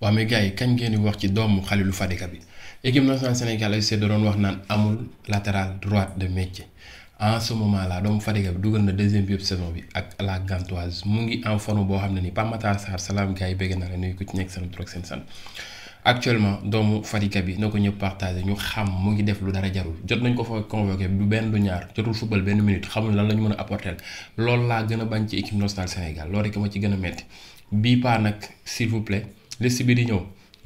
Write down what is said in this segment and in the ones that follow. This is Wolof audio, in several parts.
waa mais gars yi kañ ngeen di wax ci doomu Khalilou Fadiga bi équipe nationale Sénégal ASC da doon wax naan amul latéral droite de métier en ce moment là doomu Fadiga bi dugal na deuxième bi saison bi ak la Gantoise mu ngi en forme boo xam ne nii Pape Matar Sarr salaam gars yi na la ko ci nekk seen tur ak seen sant doomu Fadiga bi na ko ñëpp partagé ñu xam mu ngi def lu dara jarul jot nañ ko fa convoqué bu benn du ñaar jotul football benn minute xamul lan la ñu mën a apporter loolu laa gën a bañ ci équipe nationale Sénégal loolu rek ma ci gën a métti bii paa nag s'il vous plaît. liste bi di ñëw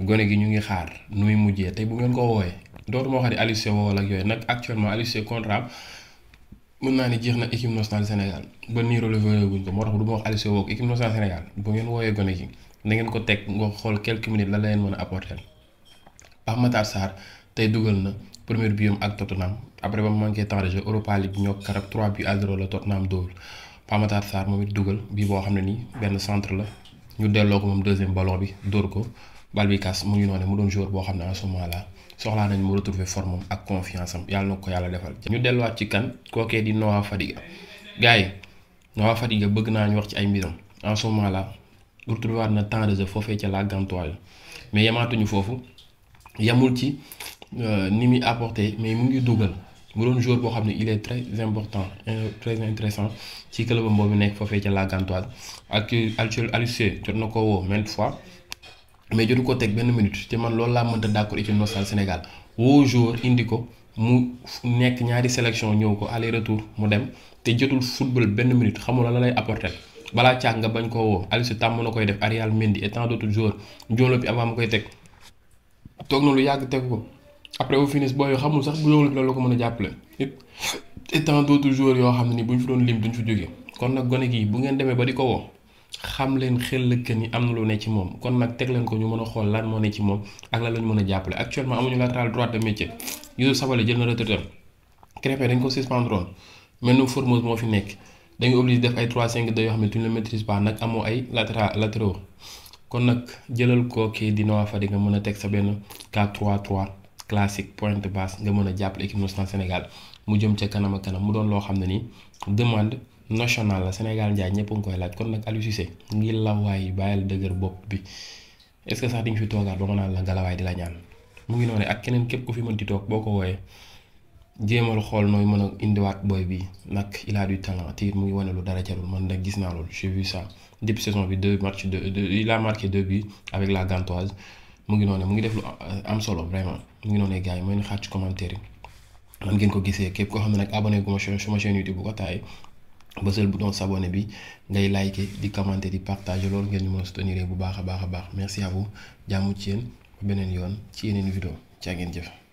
gone gi ñu ngi xaar nu muy mujjee tey bu ngeen ko wooyee dootuma waxati Aliou Cissé woo wala ak yooyu nag actuellement Aliou Cissé contrat mën naa ni jeex na équipe nationale Sénégal ba nii relevé guñ ko moo tax du ma wax Aliou Cissé woo équipe nationale Sénégal bu ngeen woowee gone gi na ngeen ko teg nga xool quelques minutes la la leen mën a apporter ma Matar Sarr tey dugal na premier biom ak Tottenham après ba mu manqué temps de jeu Europa League ñoo karab 3 buts à 0 la Tottenham dóor Pape Matar Sarr moom it dugal bii boo xam ne nii benn centre la ñu delloo ko moom deuxième ballon bi dóor ko bal mu ngi noonu mu doon joueur boo xam ne en ce moment là soxlaa nañ mu retrouver forme am ak confiance am yàlla na ko yàlla defal. ñu delluwaat ci kan kookee di Noah Fadiga gars yi Noah Fadiga bëgg naa ñu wax ci ay mbiram en ce moment là retrouver na temps de jeu foofee ca la gantoise mais yamaatuñu foofu yamul ci euh, ni muy apporté mais mu ngi dugal. mu doon joueur boo xam ne il est très important euh, très intéressant ci club am boobu nekk foofee ca la Gantoise ak Aliou Cissé jot na ko woo maintes fois mais jotu ko teg benn minute te man loolu laa mënta d'accord équipe nationale Sénégal woo jour indi ko mu nekk ñaari sélection ñëw ko aller retour mu dem te jotul football benn minute xamul la lay apporter balaa caag nga bañ koo woo Aliou Cissé tàmm na koy def Arial Mendy et tant d'autres joueurs bi avant mu koy teg toog lu yàgg teg ko. après au finish booy xamul sax bu loolu bi la ko mën a jàppale. et tant d'autres joueurs yoo xam ne ni bu ñu fi doon lim duñ fi jóge kon nag gone gi bu ngeen demee ba di ko xam leen xel la ni am na lu ne ci moom kon nag teg leen ko ñu mën a xool lan moo ne ci moom ak lan mën a jàppale actuellement amuñu latéral droit de métier Youssouf Sabaly jël na retraite Krépin dañ ko suspendroon maintenant Formose moo fi nekk dañu obligé def ay 3-5-2 yoo xam ne tu ne le maîtrises pas nag amoo ay latéral latéraux kon nag jëlal koo kii di Noah Fadiga nga mën a teg sa benn 4-3-3. classique pointe basse nga mën a jàppale équipe nationale Sénégal mu jëm ca kanam a kanam mu doon loo xam ne ni demande nationale la Sénégal njaay ñëpp a ngi koy laaj kon nag Aliou Cissé ngi lawaay bàyyil dëgër bopp bi est ce fi toogaat ba ma naan la di la ñaan mu ngi noonu ak keneen képp ku fi mën di toog boo ko wooyee jéemal xool nooy mën a indiwaat booy bi nag il a du talent te mu ngi wane lu dara jarul man nag gis naa loolu j'ai vu ça depuis saison bi deux matchs de il a marqué deux buts avec la Gantoise. mu ngi noonu mu ngi def lu uh, am solo vraiment mu ngi noonu gars yi mooy na xaar commentaire yi man ngeen ko gisee képp koo xam ne nag abonné gu ma suma chaîne YouTube bu ko taay bësal bouton s'abonner bi ngay like di commenter di partage loolu ngeen ñu mën a soutenir bu baax a baax a baax merci à vous jàmm ci yéen beneen yoon ci yeneen vidéo caa ngeen jëf.